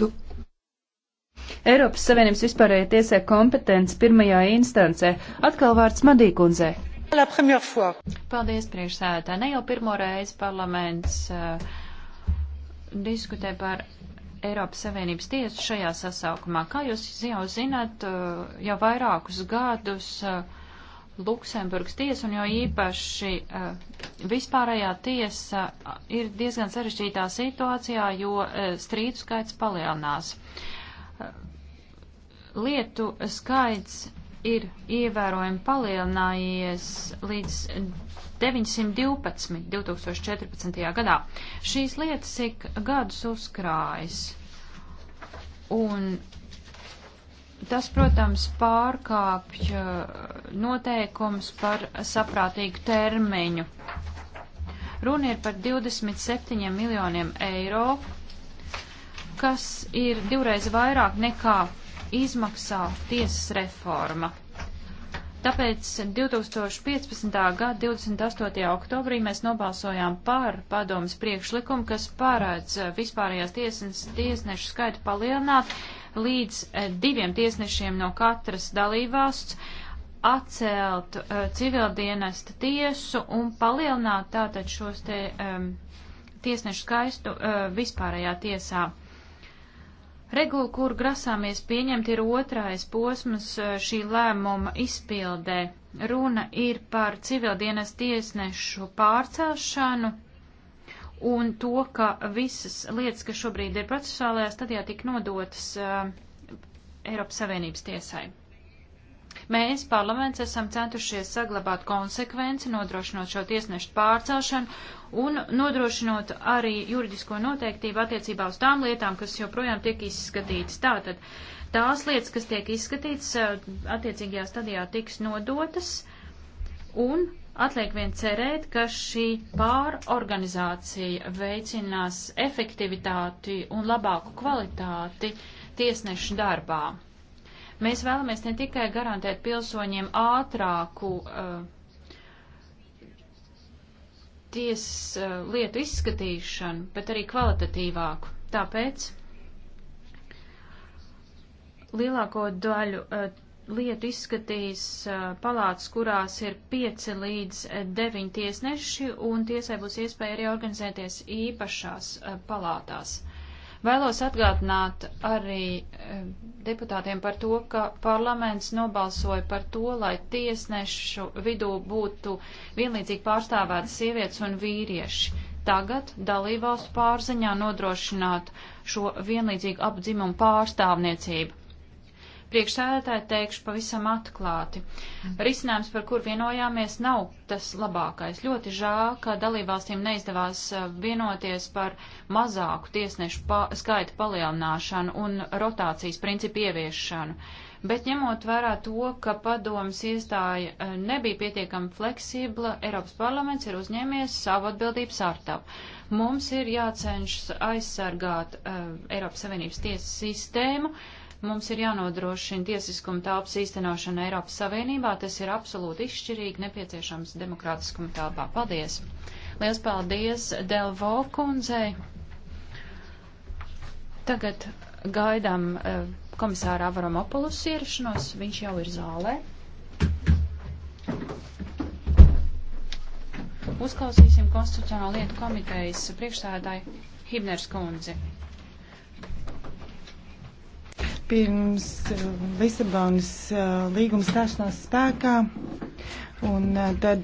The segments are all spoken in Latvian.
Tu. Eiropas Savienības vispārējā tiesē kompetence pirmajā instancē. Atkal vārds Madīkundzē. Paldies, priekšsēdētāji. Ne jau pirmo reizi parlaments uh, diskutē par Eiropas Savienības tiesu šajā sasaukumā. Kā jūs jau zināt, uh, jau vairākus gadus. Uh, Luksemburgas tiesa, un jo īpaši eh, vispārējā tiesa eh, ir diezgan sarežģītā situācijā, jo eh, strīdu skaits palielinās. Lietu skaits ir ievērojami palielinājies līdz 912 2014. gadā. Šīs lietas ik gadus uzkrājas. Un Tas, protams, pārkāpj uh, noteikums par saprātīgu termiņu. Runa ir par 27 miljoniem eiro, kas ir divreiz vairāk nekā izmaksā tiesas reforma. Tāpēc 2015. gada 28. oktobrī mēs nobalsojām par padomas priekšlikumu, kas pārēdz vispārējās tiesnes, tiesnešu skaitu palielināt līdz eh, diviem tiesnešiem no katras dalībvalsts atcelt eh, civildienesta tiesu un palielināt tātad šos te um, tiesnešu skaistu uh, vispārējā tiesā. Regula, kur grasāmies pieņemt, ir otrais posms šī lēmuma izpildē. Runa ir par civildienas tiesnešu pārcelšanu un to, ka visas lietas, kas šobrīd ir procesuālajā stadijā, tik nodotas uh, Eiropas Savienības tiesai. Mēs, parlaments, esam centušies saglabāt konsekvenci, nodrošinot šo tiesnešu pārcelšanu un nodrošinot arī juridisko noteiktību attiecībā uz tām lietām, kas joprojām tiek izskatītas. Tātad tās lietas, kas tiek izskatītas, eh, attiecīgajā stadijā tiks nodotas un Atliek vien cerēt, ka šī pārorganizācija veicinās efektivitāti un labāku kvalitāti tiesnešu darbā. Mēs vēlamies ne tikai garantēt pilsoņiem ātrāku uh, tiesas uh, lietu izskatīšanu, bet arī kvalitatīvāku. Tāpēc lielāko daļu uh, lietu izskatīs palāts, kurās ir 5 līdz 9 tiesneši, un tiesai būs iespēja arī organizēties īpašās palātās. Vēlos atgādināt arī deputātiem par to, ka parlaments nobalsoja par to, lai tiesnešu vidū būtu vienlīdzīgi pārstāvētas sievietes un vīrieši. Tagad dalībvalstu pārziņā nodrošināt šo vienlīdzīgu apdzimumu pārstāvniecību. Priekšsēdētāji teikšu pavisam atklāti. Mhm. Risinājums, par kur vienojāmies, nav tas labākais. Ļoti žēl, ka dalībvalstīm neizdevās eh, vienoties par mazāku tiesnešu pa skaita palielināšanu un rotācijas principu ieviešanu. Bet ņemot vērā to, ka padomas iestāja eh, nebija pietiekami fleksibla, Eiropas parlaments ir uzņēmies savu atbildību sārtapu mums ir jācenšas aizsargāt uh, Eiropas Savienības tiesas sistēmu, Mums ir jānodrošina tiesiskuma telpas īstenošana Eiropas Savienībā. Tas ir absolūti izšķirīgi nepieciešams demokrātiskuma telpā. Paldies! Liels paldies Delvo kundzei! Tagad gaidām eh, komisāra Avramopulus ierašanos. Viņš jau ir zālē. Uzklausīsim konstitucionālo lietu komitejas priekšsēdāju Hibners kundzi pirms eh, Lisabonas eh, līguma stāšanās spēkā, un eh, tad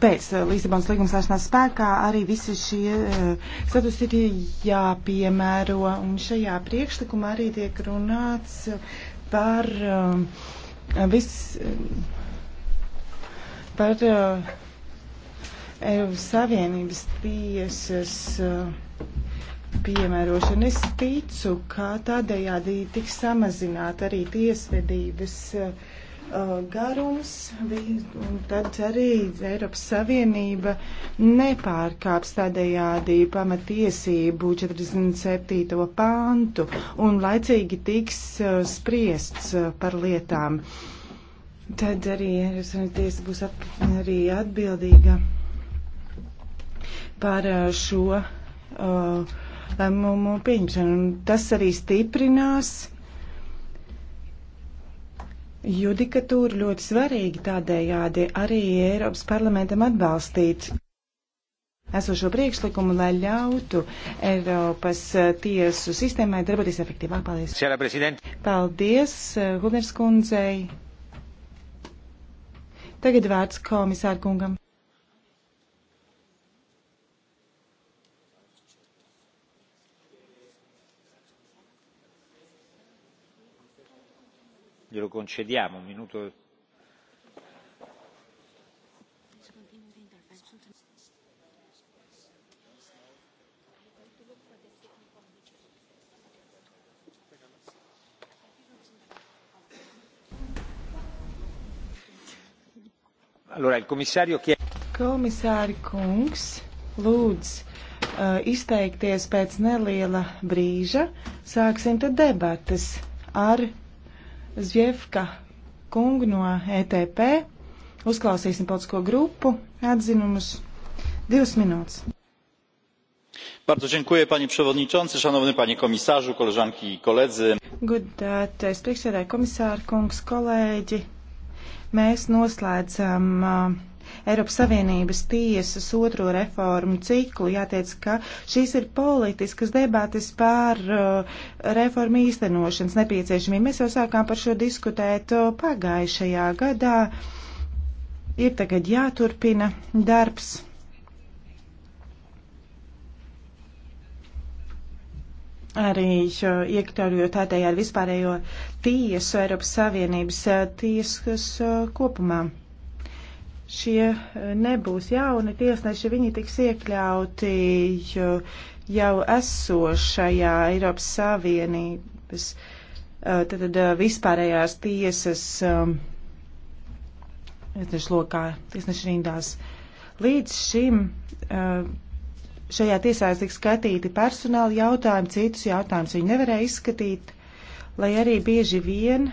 pēc Lisabonas līguma stāšanās spēkā arī visi šie status ir jāpiemēro, un šajā priekšlikumā arī tiek runāts par viss. par Eiropas Savienības tiesas uh, piemērošanu. Es ticu, ka tādējādi tiks samazināt arī tiesvedības uh, garums, un tad arī Eiropas Savienība nepārkāps tādējādi pamatiesību 47. pāntu un laicīgi tiks uh, spriests uh, par lietām. Tad arī Eiropas Savienības tiesa būs at, arī atbildīga par šo uh, lēmumu pieņemšanu. Un tas arī stiprinās judikatūru ļoti svarīgi tādējādi arī Eiropas parlamentam atbalstīt esošo priekšlikumu, lai ļautu Eiropas tiesu sistēmai darboties efektīvāk. Paldies. Paldies, Hulners kundzei. Tagad vārds komisāra kungam. glielo concediamo un minuto. Allora, il commissario chiede. Komisāri kungs, lūdz uh, izteikties pēc neliela brīža. Sāksim tad debatas ar Zviefka kungu no ETP. Uzklausīsim politisko grupu atzinumus. Divas minūtes. Bardzo dziękuję panie przewodniczący, szanowny panie komisarzu, koleżanki i koledzy. Godātais priekšsēdētāj komisāra kungs, kolēģi. Mēs noslēdzam uh, Eiropas Savienības tiesas otro reformu ciklu. Jāteic, ka šīs ir politiskas debates pār uh, reformu īstenošanas nepieciešamību. Mēs jau sākām par šo diskutēt uh, pagājušajā gadā. Ir tagad jāturpina darbs. arī uh, iekļaujot tādējādi vispārējo tiesu Eiropas Savienības uh, tiesas uh, kopumā šie eh, nebūs jauni tiesneši, viņi tiks iekļauti jau esošajā Eiropas Savienības eh, tad, eh, vispārējās tiesas tiesnešu lokā, tiesnešu rindās. Līdz šim šajā tiesā tiks skatīti personāla jautājumi, citus jautājumus viņi nevarēja izskatīt, lai arī bieži vien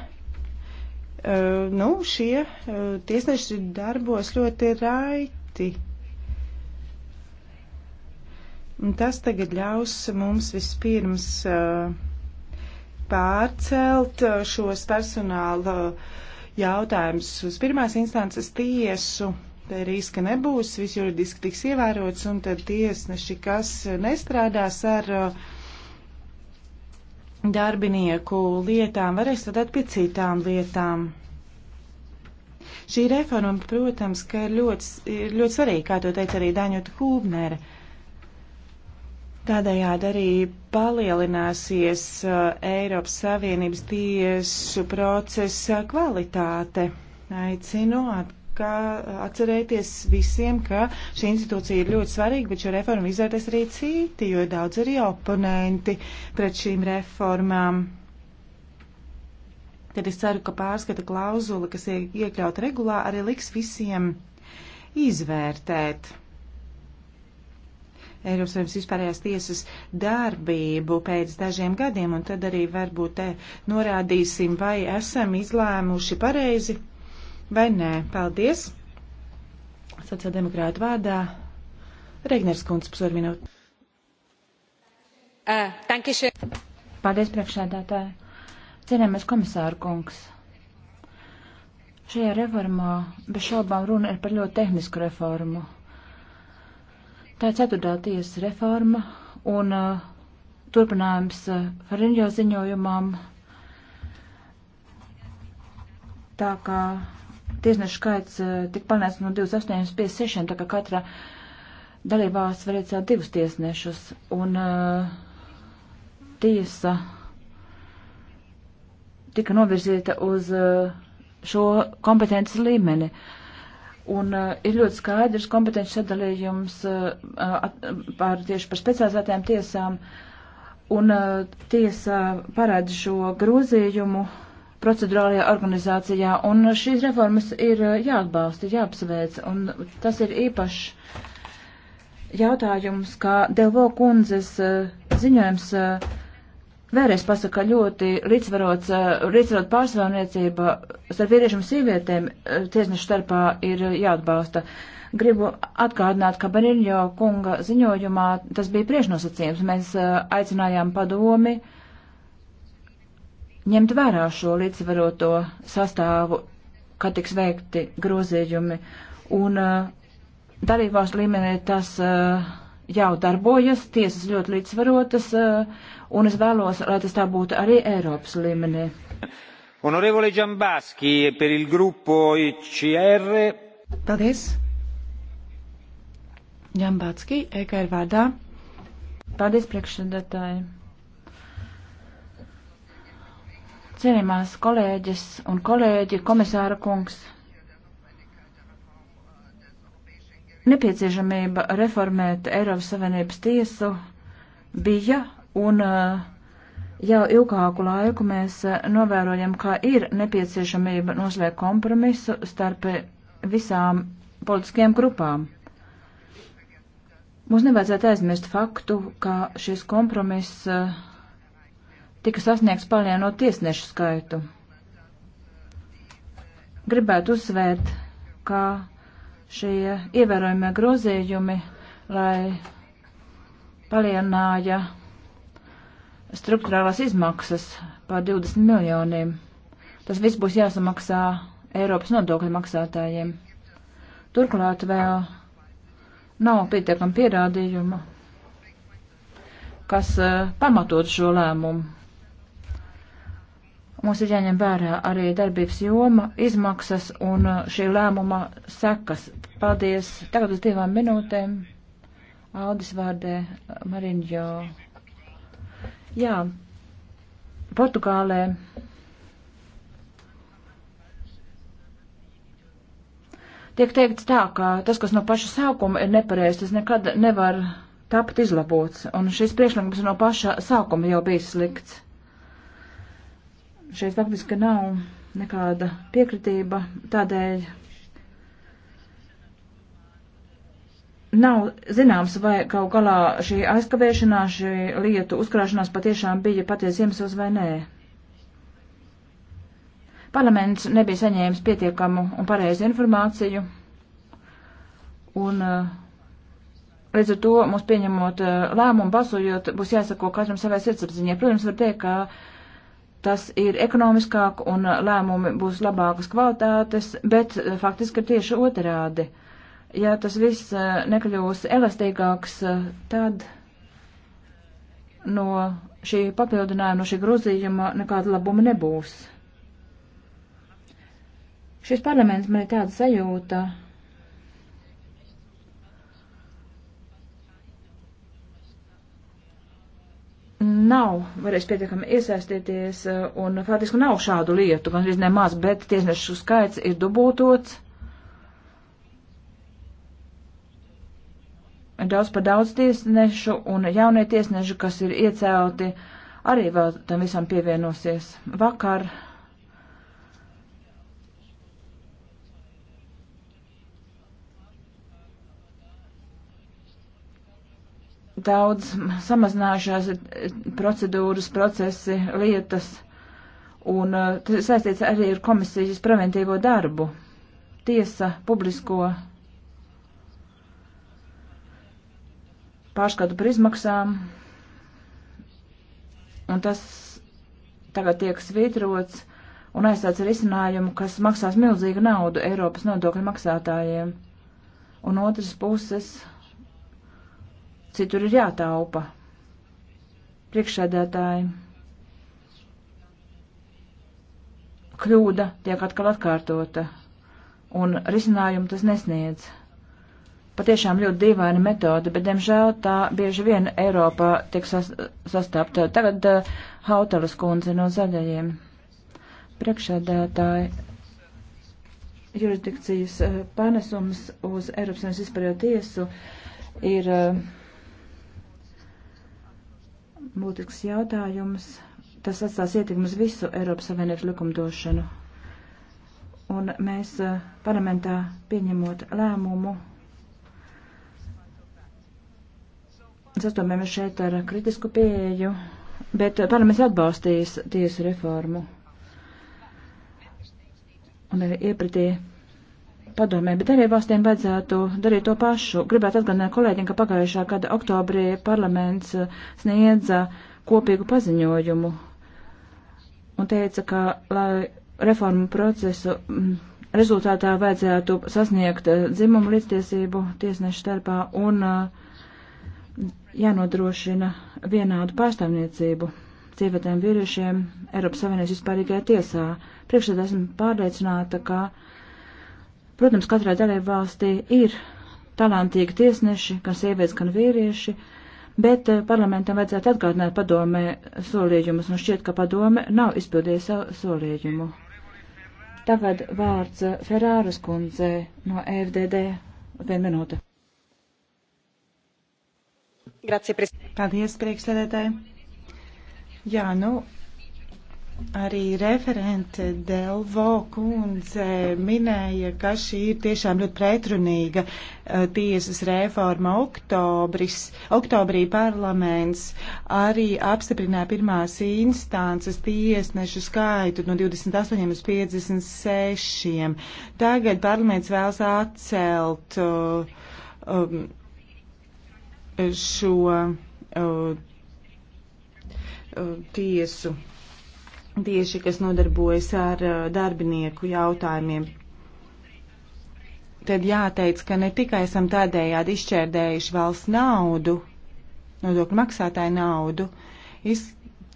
Uh, nu, šie uh, tiesneši darbos ļoti raiti. Un tas tagad ļaus mums vispirms uh, pārcelt šos personāla jautājumus uz pirmās instances tiesu. Tā ir riska nebūs, viss juridiski tiks ievērots, un tad tiesneši, kas nestrādās ar uh, darbinieku lietām, varēs strādāt pie citām lietām. Šī reforma, protams, ka ir ļoti, ir ļoti svarīga, kā to teica arī Daņota Hūbnere. Tādējādi arī palielināsies uh, Eiropas Savienības tiesu procesa kvalitāte. Aicinu at ka atcerēties visiem, ka šī institūcija ir ļoti svarīga, bet šo reformu izvērtēs arī citi, jo ir daudz arī oponenti pret šīm reformām. Tad es ceru, ka pārskata klauzula, kas ir iekļauta regulā, arī liks visiem izvērtēt. Eiropas Savienības vispārējās tiesas darbību pēc dažiem gadiem, un tad arī varbūt te norādīsim, vai esam izlēmuši pareizi vai nē. Paldies! Sociāldemokrāta vārdā Regners Kunds, pusotru minūti. Uh, Paldies, priekšsēdētāji! Cienējamies komisāru kungs! Šajā reformā bez šaubām runa ir par ļoti tehnisku reformu. Tā ir ceturtā tiesas reforma un uh, turpinājums uh, Fariņģo ziņojumam. Tā kā tiesnešu skaits eh, tik palnēs no 28 pie 6, tā kā katra dalībās var iecelt divus tiesnešus. Un uh, tiesa tika novirzīta uz uh, šo kompetences līmeni. Un uh, ir ļoti skaidrs kompetenci sadalījums uh, at, par tieši par specializētām tiesām. Un uh, tiesa parāda šo grozījumu uh, procedurālajā organizācijā, un šīs reformas ir eh, jāatbalsta, jāapsveic, un tas ir īpašs jautājums, kā Delvo kundzes eh, ziņojums eh, vēlreiz pasaka ļoti līdzsvarots, līdzsvarot pārsvarniecība starp vīriešiem un sievietēm tiesnešu starpā ir jāatbalsta. Gribu atgādināt, ka Bariņo kunga ziņojumā tas bija priešnosacījums. Mēs aicinājām padomi uh, ņemt vērā šo līdzsvaroto sastāvu, kad tiks veikti grozījumi. Un uh, eh, darībās līmenī tas uh, jau darbojas, tiesas ļoti līdzsvarotas, uh, un es vēlos, lai tas tā būtu arī Eiropas līmenī. Onorevole Giambaski per il gruppo ICR. Paldies. Giambatski, EKR vārdā. Paldies priekšsēdētāji. Cienījumās kolēģis un kolēģi, komisāra kungs, nepieciešamība reformēt Eiropas Savienības tiesu bija un eh, jau ilgāku laiku mēs eh, novērojam, ka ir nepieciešamība noslēgt kompromisu starp visām politiskajām grupām. Mums nevajadzētu aizmirst faktu, ka šis kompromiss eh, tika sasniegts palielinot tiesnešu skaitu. Gribētu uzsvērt, ka šie ievērojumie grozījumi, lai palielināja struktūrālās izmaksas par 20 miljoniem. Tas viss būs jāsamaksā Eiropas nodokļu maksātājiem. Turklāt vēl nav pietiekami pierādījumu, kas uh, pamatot šo lēmumu. Mums ir jāņem vērā arī darbības joma, izmaksas un uh, šī lēmuma sekas. Paldies. Tagad uz divām minūtēm. Aldis vārdē uh, Mariņģo. Jā, Portugālē. Tiek teikts tā, ka tas, kas no paša sākuma ir nepareizs, tas nekad nevar tapt izlabots. Un šis priekšlikums no paša sākuma jau bija slikts šeit faktiski nav nekāda piekritība, tādēļ nav zināms, vai kaut galā šī aizkavēšanās, šī lietu uzkrāšanās patiešām bija paties iemesls vai nē. Parlaments nebija saņēmis pietiekamu un pareizu informāciju, un eh, līdz ar to mums pieņemot eh, lēmumu, balsojot, būs jāsako katram savai sirdsapziņai. Protams, var teikt, ka tas ir ekonomiskāk un lēmumi būs labākas kvalitātes, bet eh, faktiski ir tieši otrādi. Ja tas viss eh, nekļūs elastīgāks, eh, tad no šī papildinājuma, no šī grozījuma nekāda labuma nebūs. Šis parlaments man ir tāda sajūta, nav varējis pietiekami iesaistīties, eh, un faktiski nav šādu lietu, gan arī nemaz, bet tiesnešu skaits ir dubultots. Daudz par daudz tiesnešu, un jaunie tiesneši, kas ir iecelti, arī vēl tam visam pievienosies. Vakar daudz samazinājušās eh, procedūras, procesi, lietas, un eh, tas saistīts arī ar komisijas preventīvo darbu. Tiesa publisko pārskatu par izmaksām, un tas tagad tiek svītrots un aizstāts ar izcinājumu, kas maksās milzīgu naudu Eiropas nodokļu maksātājiem. Un otras puses citur ir jātaupa. Priekšsēdētāji. Kļūda tiek atkal atkārtota, un risinājumu tas nesniedz. Patiešām ļoti dīvaina metode, bet, diemžēl, tā bieži vien Eiropā tiek sas sastapta. Tagad uh, Hautalas kundze no zaļajiem. Priekšsēdētāji jurisdikcijas eh, panesums uz Eiropas Savienības izpārējo tiesu ir uh, būtisks jautājums. Tas atstās ietekmi uz visu Eiropas Savienības likumdošanu. Un mēs parlamentā pieņemot lēmumu, sastopamies šeit ar kritisku pieeju, bet parlaments atbalstīs tiesu reformu. Un arī iepratī padomē, bet arī valstīm vajadzētu darīt to pašu. Gribētu atgādināt kolēģiem, ka pagājušā gada oktobrī parlaments eh, sniedza kopīgu paziņojumu un teica, ka, lai reformu procesu mm, rezultātā vajadzētu sasniegt eh, dzimumu līdztiesību tiesnešu starpā un eh, jānodrošina vienādu pārstāvniecību sievietēm vīriešiem Eiropas Savienības vispārīgajā tiesā. Priekšsēdā esmu pārliecināta, ka Protams, katrā dalībvalstī ir talantīgi tiesneši, gan sievietes, gan vīrieši, bet eh, parlamentam vajadzētu atgādināt padomē solījumus, un šķiet, ka padome nav izpildījusi savu solījumu. Tagad vārds eh, Ferāras kundzē no e FDD. Vienu minūte. Paldies, priekšsēdētāji. Jā, nu, Arī referente Delvo kundze minēja, ka šī ir tiešām ļoti pretrunīga uh, tiesas reforma. Oktobris, oktobrī parlaments arī apstiprināja pirmās instances tiesnešu skaitu no 28 uz 56. Tagad parlaments vēlas atcelt uh, um, šo uh, um, tiesu tieši kas nodarbojas ar uh, darbinieku jautājumiem. Tad jāteic, ka ne tikai esam tādējādi izšķērdējuši valsts naudu, nodokļu maksātāju naudu, es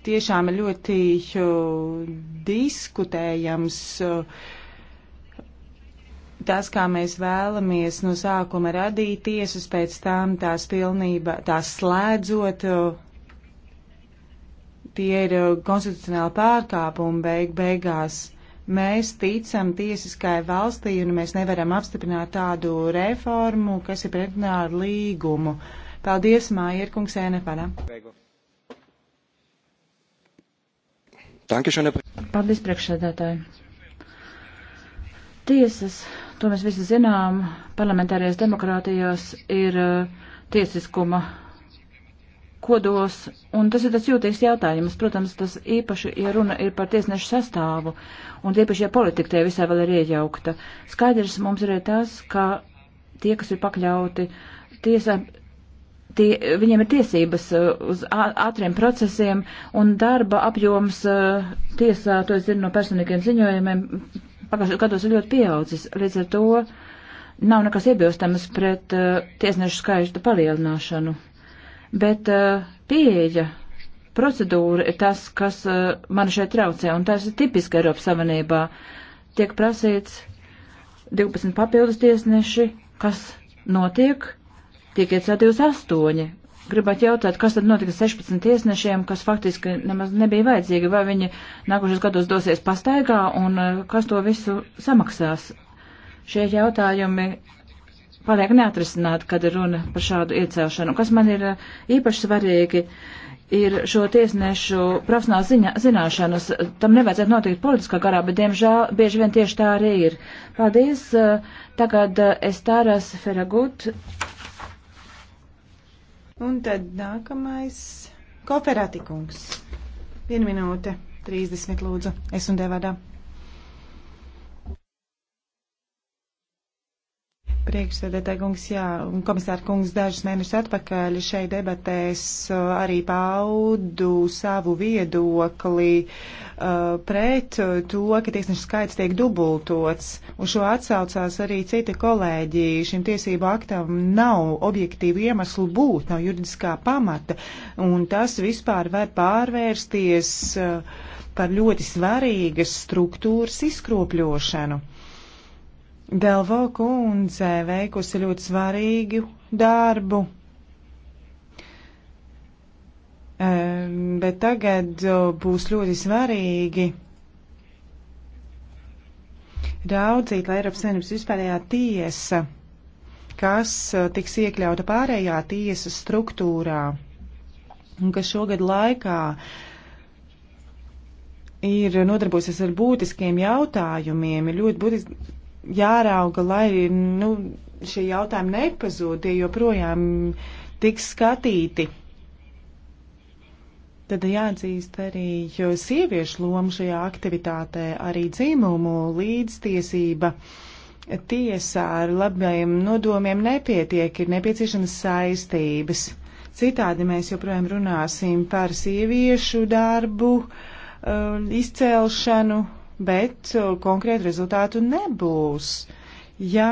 tiešām ir ļoti uh, diskutējams uh, tas, kā mēs vēlamies no sākuma radīt tiesas, pēc tam tās pilnībā, tās slēdzot, Tie ir uh, konstitucionāli pārkāpumi beig beigās. Mēs ticam tiesiskai valstī un mēs nevaram apstiprināt tādu reformu, kas ir pretrunā ar līgumu. Paldies, Mājierkungs, Ēnepada. Paldies, priekšsēdētāji. Tiesas, to mēs visi zinām, parlamentārajās demokrātijās ir uh, tiesiskuma kodols, un tas ir tas jūtīgs jautājums, protams, tas īpaši, ja runa ir par tiesnešu sastāvu, un īpaši, ja politika tie visai vēl ir iejaukta. Skaidrs mums ir tas, ka tie, kas ir pakļauti tiesā, tie, viņiem ir tiesības uh, uz ātriem procesiem, un darba apjoms uh, tiesā, to es zinu no personīgiem ziņojumiem, pagājušajos gados ir ļoti pieaudzis. Līdz ar to nav nekas iebilstams pret uh, tiesnešu skaistu palielināšanu bet uh, pieeja, procedūra ir tas, kas uh, man šeit traucē, un tas ir tipiski Eiropas Savienībā. Tiek prasīts 12 papildus tiesneši, kas notiek, tiek iecelt 28. Gribētu jautāt, kas tad notika 16 tiesnešiem, kas faktiski nemaz nebija vajadzīgi, vai viņi nākošos gados dosies pastaigā, un uh, kas to visu samaksās. Šie jautājumi paliek neatrisināti, kad ir runa par šādu iecelšanu. Kas man ir eh, īpaši svarīgi, ir šo tiesnešu profesionāla ziņa, zināšanas. Tam nevajadzētu notikt politiskā garā, bet, diemžēl, bieži vien tieši tā arī ir. Paldies. Eh, tagad eh, es tāras Feragut. Un tad nākamais kooperātikungs. Vienu minūte, 30 lūdzu, es un devadā. Priekšsēdētāji kungs, jā, un komisāra kungs dažus mēnešus atpakaļ šeit debatēs uh, arī paudu savu viedokli uh, pret uh, to, ka tiesnešu skaits tiek dubultots, un šo atsaucās arī citi kolēģi. Šim tiesību aktam nav objektīvu iemeslu būt, nav juridiskā pamata, un tas vispār var pārvērsties uh, par ļoti svarīgas struktūras izkropļošanu. Delvo kundze veikusi ļoti svarīgu darbu. Bet tagad būs ļoti svarīgi raudzīt, lai Eiropas Savienības vispārējā tiesa, kas tiks iekļauta pārējā tiesas struktūrā, un kas šogad laikā ir nodarbosies ar būtiskiem jautājumiem, ir ļoti būtiski jārauga, lai nu, šie jautājumi nepazūd, tie joprojām tiks skatīti. Tad jāatzīst arī sieviešu lomu šajā aktivitātē, arī dzimumu līdztiesība. Tiesā ar labajiem nodomiem nepietiek, ir nepieciešamas saistības. Citādi mēs joprojām runāsim par sieviešu darbu, uh, izcelšanu, bet uh, konkrētu rezultātu nebūs. Ja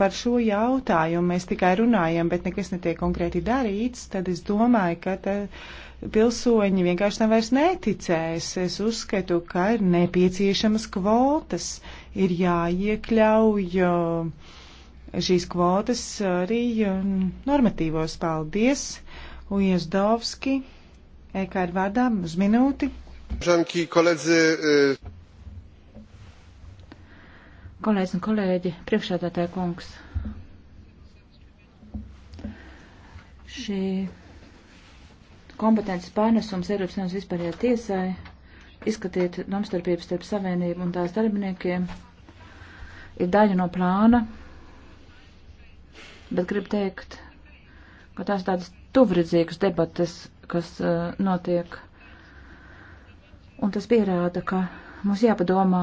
par šo jautājumu mēs tikai runājam, bet nekas netiek konkrēti darīts, tad es domāju, ka tā, pilsoņi vienkārši tam vairs neticēs. Es uzskatu, ka ir nepieciešamas kvotas, ir jāiekļauj uh, šīs kvotas arī um, normatīvos. Paldies, Ujazdovski, EKR vārdā uz minūti. Žanki, koledzi. Kolēģis un kolēģi, priekšādātāja kungs. Šī kompetences pārnesums Eiropas Savienības vispārējā tiesai izskatīt domstarpības starp savienību un tās darbiniekiem ir daļa no plāna, bet gribu teikt, ka tās tādas tuvredzīgas debates, kas uh, notiek Un tas pierāda, ka mums jāpadomā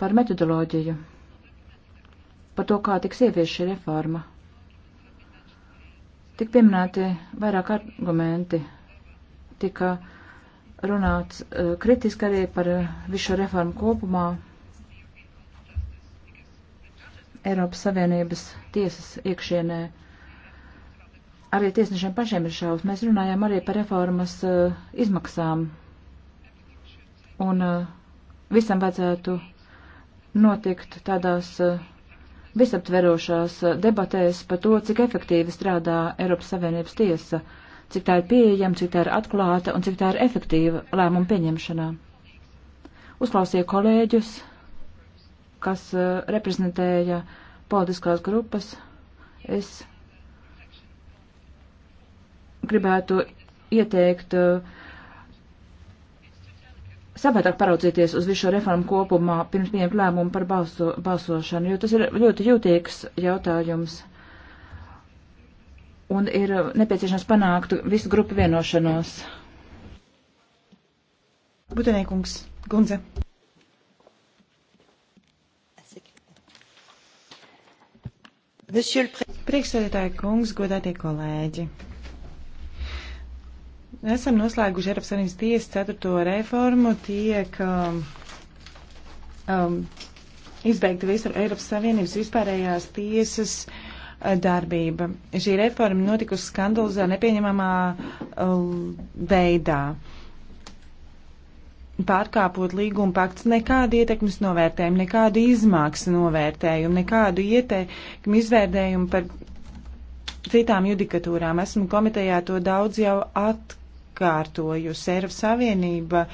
par metodoloģiju, par to, kā tiks ievies šī reforma. Tik pieminēti vairāk argumenti, tika runāts uh, kritiski arī par eh, visu šo reformu kopumā. Eiropas Savienības tiesas iekšienē. Arī tiesnešiem pašiem ir šaubas. Mēs runājām arī par reformas uh, izmaksām un uh, visam vajadzētu notikt tādās uh, visaptverošās uh, debatēs par to, cik efektīvi strādā Eiropas Savienības tiesa, cik tā ir pieejama, cik tā ir atklāta un cik tā ir efektīva lēmumu pieņemšanā. Uzklausīju kolēģus, kas reprezentēja politiskās grupas. Es gribētu ieteikt uh, savādāk paraudzīties uz visu šo reformu kopumā pirms pieņemt lēmumu par balso, balsošanu, jo tas ir ļoti jūtīgs jautājums. Un ir nepieciešams panākt visu grupu vienošanos. Butenēkungs, Gunze. Priekšsēdētāji kungs, godātie kolēģi. Esam noslēguši Eiropas Savienības tiesas ceturto reformu, tiek um, um, izbeigta visu Eiropas Savienības vispārējās tiesas uh, darbība. Šī reforma notikusi skandalizā nepieņemamā uh, veidā. Pārkāpot līguma pakts, nekādu ietekmes novērtējumu, nekādu izmaksu novērtējumu, nekādu ieteikumu izvērtējumu par citām judikatūrām. Esmu komitejā to daudz jau atklājis atkārtojusi. Eiropas Savienība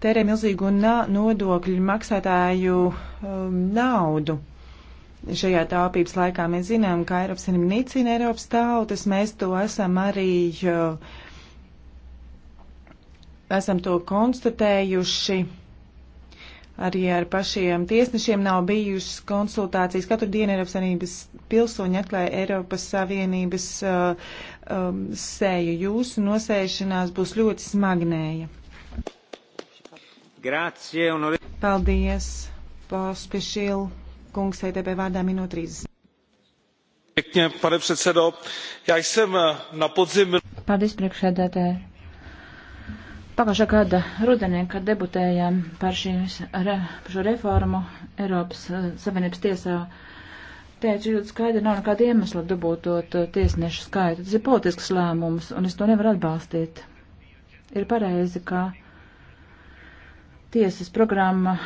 tērē milzīgu nodokļu maksātāju um, naudu. Šajā taupības laikā mēs zinām, ka Eiropas Savienība nicina Eiropas tautas, mēs to esam arī, uh, esam to konstatējuši arī ar pašiem tiesnešiem nav bijušas konsultācijas. Katru dienu Eiropas Savienības pilsoņi atklāja Eiropas Savienības uh, um, seju. Jūsu nosēšanās būs ļoti smagnēja. Grācie, un... Paldies, Pospišil, kungs, ETB vārdā minūte 30. Pěkně, pane předsedo, já jsem eh, na podzim. Paldies, priekšsēdētāji. Pagājušā gada rudenī, kad debutējām par, šīs, par šo reformu Eiropas eh, Savienības tiesā, uh, teicu ļoti skaidri, nav nekāda iemesla dubultot uh, tiesnešu skaitu. Tas ir politisks lēmums, un es to nevaru atbalstīt. Ir pareizi, ka tiesas programma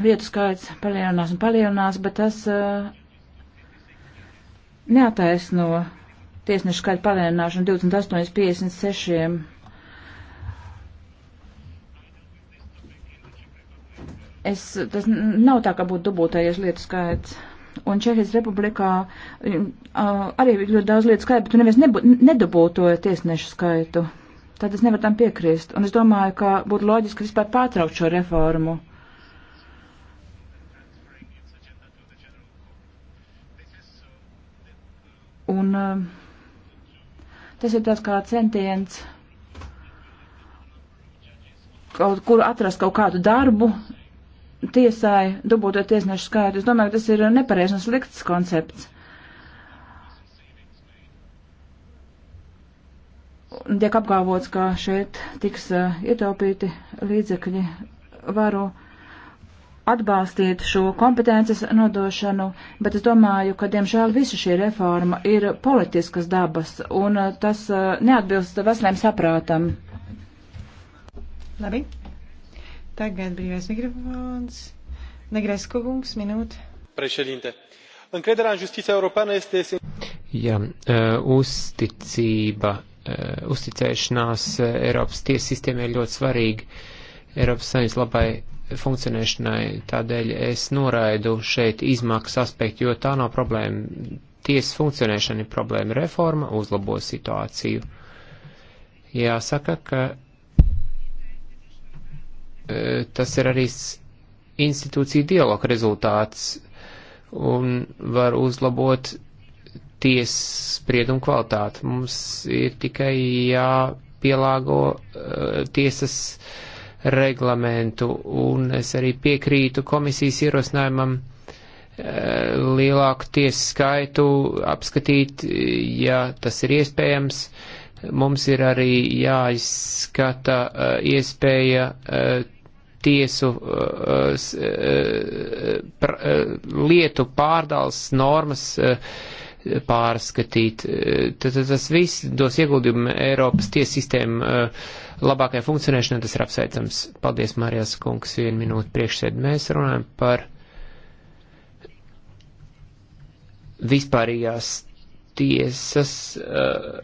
vietu skaits palielinās un palielinās, bet tas uh, neataisno tiesnešu skaitu palielināšanu 28,56. Es, tas nav tā, ka būtu dubultējies lietu skaits un Čehijas republikā mm, arī ļoti daudz lietu skaitu, bet tu neviens nedabūtoja tiesnešu skaitu. Tad es nevaru tam piekrist. Un es domāju, ka būtu loģiski vispār pārtraukt šo reformu. Un tas ir tāds kā centiens kaut kur atrast kaut kādu darbu, tiesai dubulto tiesnešu skaitu. Es domāju, ka tas ir nepareiz un slikts koncepts. Tiek apgalvots, ka šeit tiks uh, ietaupīti līdzekļi. Varu atbalstīt šo kompetences nodošanu, bet es domāju, ka diemžēl visa šī reforma ir politiskas dabas un uh, tas uh, neatbilst veselēm saprātam. Labi. Tagad brīvais mikrofons. Negrescu kungs, minūte. Președinte, încrederea în justiția europeană este esențială. Ja, uh, uzticība, uh, uzticēšanās uh, Eiropas tiesu sistēmai ir ļoti svarīga Eiropas saimnes labai funkcionēšanai. Tādēļ es noraidu šeit izmaksas aspektu, jo tā nav problēma. Tiesas funkcionēšana ir problēma. Reforma uzlabo situāciju. Jāsaka, ka E, tas ir arī institūcija dialoga rezultāts un var uzlabot tiesas spriedumu kvalitāti. Mums ir tikai jāpielāgo uh, tiesas reglamentu, un es arī piekrītu komisijas ierosinājumam uh, lielāku tiesu skaitu apskatīt, ja tas ir iespējams. Mums ir arī jāizskata uh, iespēja uh, tiesu eh, eh, eh, lietu pārdals normas pārskatīt. Tad tas viss dos ieguldījumu Eiropas tiesu sistēmu labākajai funkcionēšanai, tas ir apsveicams. Paldies, Mārijas kungs, vienu minūtu priekšsēd. Mēs runājam par vispārījās tiesas. Uh,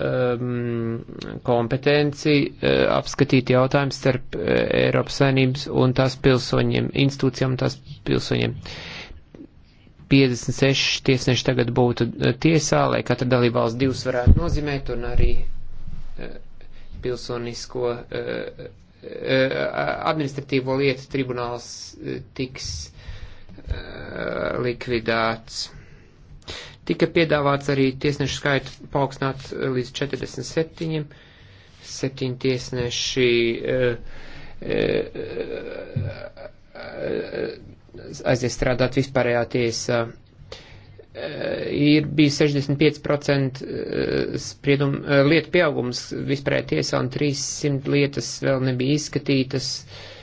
um, kompetenci uh, apskatīt jautājumu starp uh, Eiropas Savienības un tās pilsoņiem, institūcijām un tās pilsoņiem. 56 tiesneši tagad būtu uh, tiesā, lai katra dalībvalsts divus varētu nozīmēt un arī uh, pilsonisko uh, uh, uh administratīvo lietu tribunāls uh, tiks uh, likvidēts. Tika piedāvāts arī tiesnešu skaitu paaugstināt eh, līdz 47. Septiņi tiesneši eh, eh, aizies strādāt vispārējā tiesā ir bijis 65% spriedum, lietu pieaugums vispārējā tiesā un 300 lietas vēl nebija izskatītas. Uh,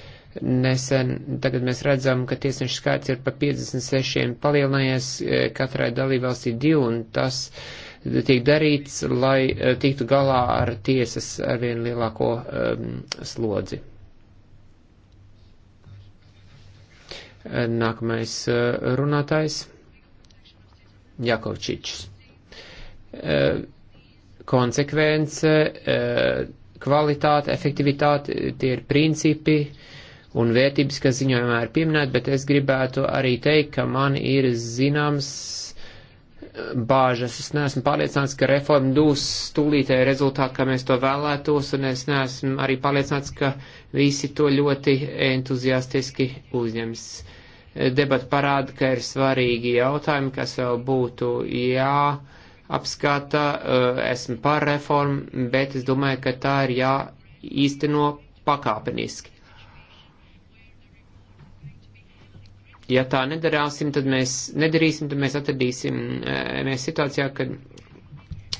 nesen, tagad mēs redzam, ka tiesnešu skaits ir pa 56 palielinājies e, katrai dalībvalstī divi, un tas tiek darīts, lai e, tiktu galā ar tiesas ar vien lielāko um, slodzi. E, nākamais runātājs - Jakovčičs. Konsekvence, kvalitāte, efektivitāte, tie ir principi, uh, un vērtības, kas ziņojumā ir pieminēta, bet es gribētu arī teikt, ka man ir zināms eh, bāžas. Es neesmu pārliecināts, ka reforma dūs stulītēji rezultāti, kā mēs to vēlētos, un es neesmu arī pārliecināts, ka visi to ļoti entuziastiski uzņems. Debat parāda, ka ir svarīgi jautājumi, kas vēl būtu jāapskata. Eh, esmu par reformu, bet es domāju, ka tā ir jāīsteno pakāpeniski. ja tā nedarāsim, tad mēs nedarīsim, tad mēs atradīsim eh, mēs situācijā, kad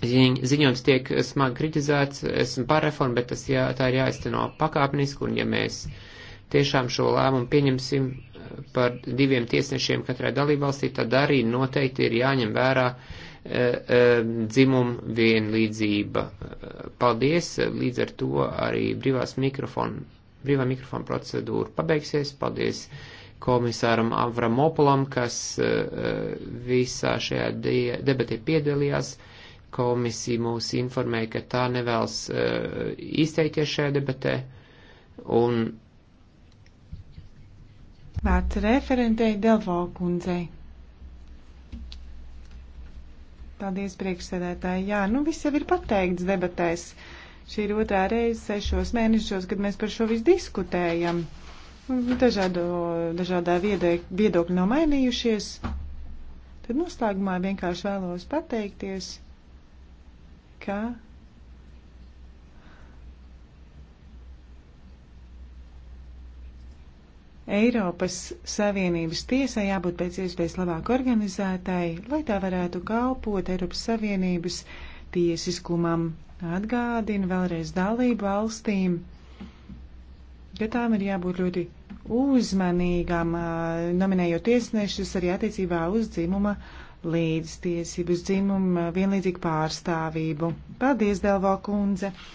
ziņojums tiek smagi kritizēts, esmu par reformu, bet tas jā, tā ir jāizteno pakāpeniski, un ja mēs tiešām šo lēmumu pieņemsim eh, par diviem tiesnešiem katrai dalībvalstī, tad arī noteikti ir jāņem vērā e, e, dzimumu vienlīdzība. Paldies, līdz ar to arī brīvās mikrofona, brīvā mikrofona procedūra pabeigsies. Paldies! komisāram Avramopulam, kas e, e, visā šajā debatē piedalījās. Komisija mūs informēja, ka tā nevēlas e, izteikties šajā debatē. Un Vārds referentei Delvo kundzei. Paldies, priekšsēdētāji. Jā, nu viss jau ir pateikts debatēs. Šī ir otrā reize sešos mēnešos, kad mēs par šo visu diskutējam. Dažādo, dažādā viedokļa nav mainījušies. Tad noslēgumā vienkārši vēlos pateikties, ka Eiropas Savienības tiesai jābūt pēc iespējas labāk organizētai, lai tā varētu kalpot Eiropas Savienības tiesiskumam. Atgādina vēlreiz dalību valstīm, ka tām ir jābūt ļoti uzmanīgam, nominējot tiesnešus arī attiecībā uz dzimuma līdztiesību, uz dzimumu vienlīdzīgu pārstāvību. Paldies, Delvo kundze!